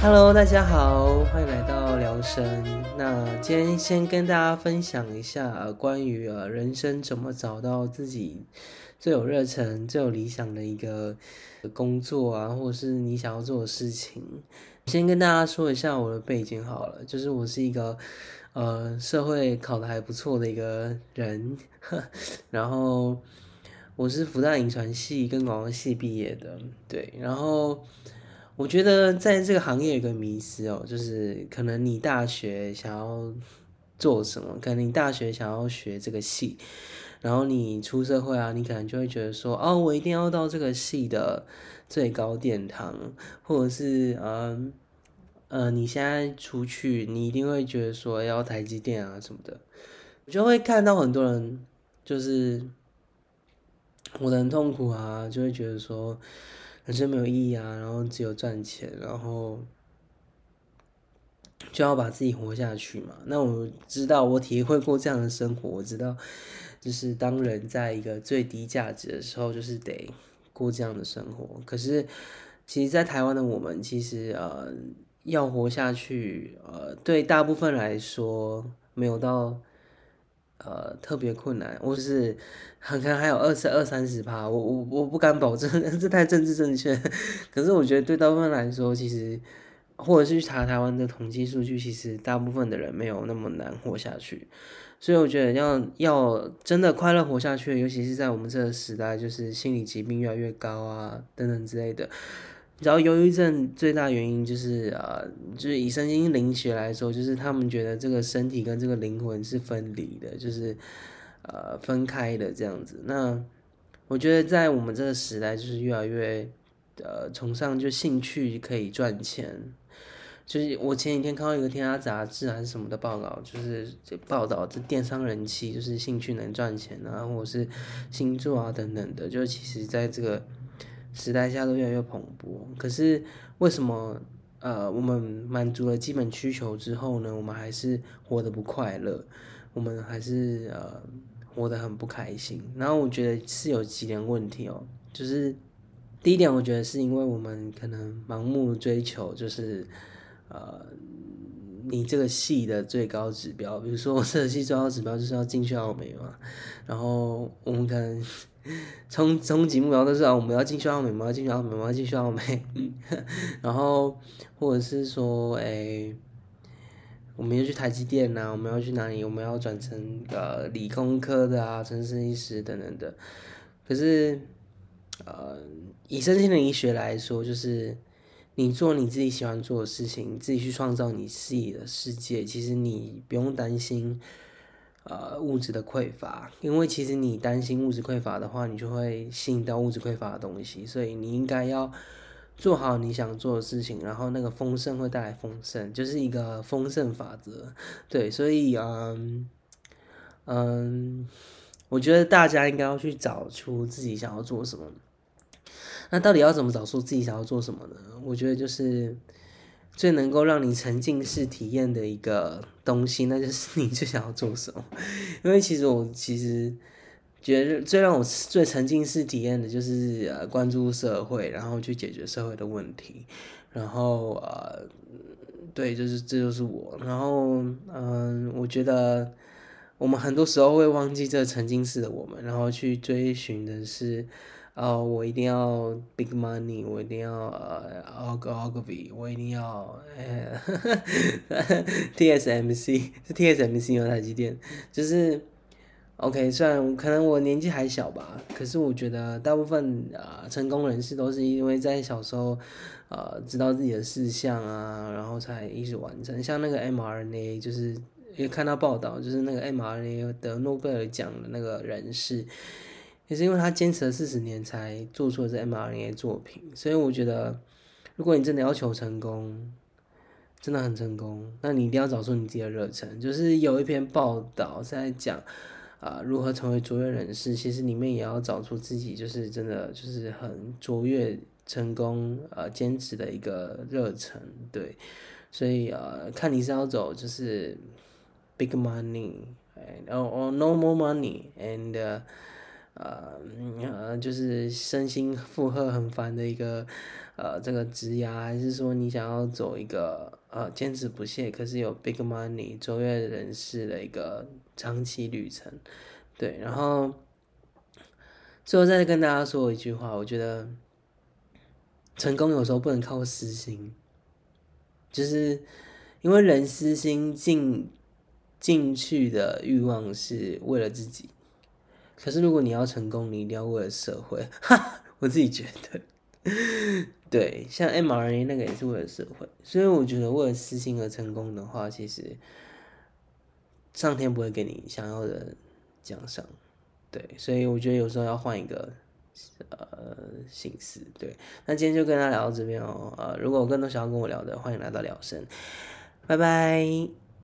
Hello，大家好，歡迎來到聊生。那今天先跟大家分享一下關於呃、啊、人生怎麼找到自己最有熱忱、最有理想的一個工作啊，或者是你想要做的事情。先跟大家說一下我的背景好了，就是我是一個呃社會考得還不錯的一個人，呵然後我是輔大影傳系跟廣告系畢業的，對，然後。我覺得在這個行業有個迷思哦，就是可能你大學想要做什麼，可能你大學想要學這個系，然後你出社會啊，你可能就會覺得說，哦，我一定要到這個系的最高殿堂，或者是，嗯呃、呃，你現在出去，你一定會覺得說要台積電啊什麼的，我就會看到很多人就是，活得很痛苦啊，就會覺得說。本身沒有意義啊，然後只有賺錢，然後就要把自己活下去嘛。那我知道，我體會過這樣的生活，我知道，就是當人在一個最低價值的時候，就是得過這樣的生活。可是，其實，在台灣的我們，其實呃要活下去，呃對大部分來說，沒有到。呃，特別困難，或者是可能還有二十二三十趴，我我我不敢保證，這太政治正確。可是我覺得對大部分來說，其實或者是去查台灣的統計數據，其實大部分的人沒有那麼難活下去。所以我覺得要要真的快樂活下去，尤其是在我們這個時代，就是心理疾病越來越高啊，等等之類的。然後，憂鬱症最大原因就是啊、呃，就是以身心靈學來說，就是他們覺得這個身體跟這個靈魂是分離的，就是呃分開的這樣子。那我覺得在我們這個時代，就是越來越呃崇尚就興趣可以賺錢，就是我前幾天看到一個《天下》雜誌還是什麼的報道，就是這報道這電商人氣，就是興趣能賺錢，然後或是星座啊等等的，就是其實在這個。時代下都越來越蓬勃，可是為什麼呃我們滿足了基本需求之後呢，我們還是活得不快樂，我們還是呃活得很不開心。然後我覺得是有幾點問題哦、喔，就是第一點，我覺得是因為我們可能盲目追求，就是呃你這個系的最高指標，比如說我這個系最高指標就是要進去奧美嘛，然後我們可能。衝衝！級目標都是啊，我們要進去奧美，我們要進去奧美，我們要進去奧美。 然後或者是說，誒、欸，我們要去台積電吶、啊，我們要去哪裡？我們要轉成呃理工科的啊，程式醫師等等的。可是，呃，以身心的醫學來說，就是你做你自己喜歡做的事情，自己去創造你自己的世界，其實你不用擔心。呃，物質的匱乏，因為其實你擔心物質匱乏的話，你就會吸引到物質匱乏的東西，所以你應該要做好你想做的事情，然後那個豐盛會帶來豐盛，就是一個豐盛法則。對，所以嗯嗯，我覺得大家應該要去找出自己想要做什麼。那到底要怎麼找出自己想要做什麼呢？我覺得就是。最能夠讓你沉浸式體驗的一個東西，那就是你最想要做什麼。因為其實我其實覺得最讓我最沉浸式體驗的就是呃關注社會，然後去解決社會的問題，然後呃對，就是這就是我。然後嗯、呃，我覺得我們很多時候會忘記這個沉浸式的我們，然後去追尋的是。啊！我、oh, 一定要 big money，我一定要呃，og technology 我一定要 hey, TSMC 是 TSMC 有台積電 就是 OK。雖然可能我年紀還小吧，可是我覺得大部分呃、uh, 成功人士都是因為在小時候呃、uh, 知道自己的事項啊，然後才一直完成。像那個 mRNA，就是也看到報道，就是那個 mRNA 得諾貝爾獎的那個人士。也是因為他堅持了四十年才做出了這 MRNA 作品，所以我覺得，如果你真的要求成功，真的很成功，那你一定要找出你自己的熱忱。就是有一篇報道在講啊，呃，如何成為卓越人士，其實裡面也要找出自己，就是真的就是很卓越成功呃，堅持的一個熱忱。對，所以呃，看你是要走就是，big money，哎，哦哦，no more money，and，uh，呃，就是身心負荷很煩的一個，呃，這個職涯，還是說你想要走一個呃，堅持不懈，可是有 big money 卓越人士的一個長期旅程，對，然後最後再跟大家說一句話，我覺得成功有時候不能靠私心，就是因為人私心進進去的慾望是為了自己。可是如果你要成功，你一定要為了社會，哈哈，我自己覺得，對，像 MRA 那個也是為了社會，所以我覺得為了私心而成功的話，其實上天不會給你想要的獎賞，對，所以我覺得有時候要換一個呃形式，對，那今天就跟大家聊到這邊哦，呃，如果有更多想要跟我聊的，歡迎來到聊生，拜拜。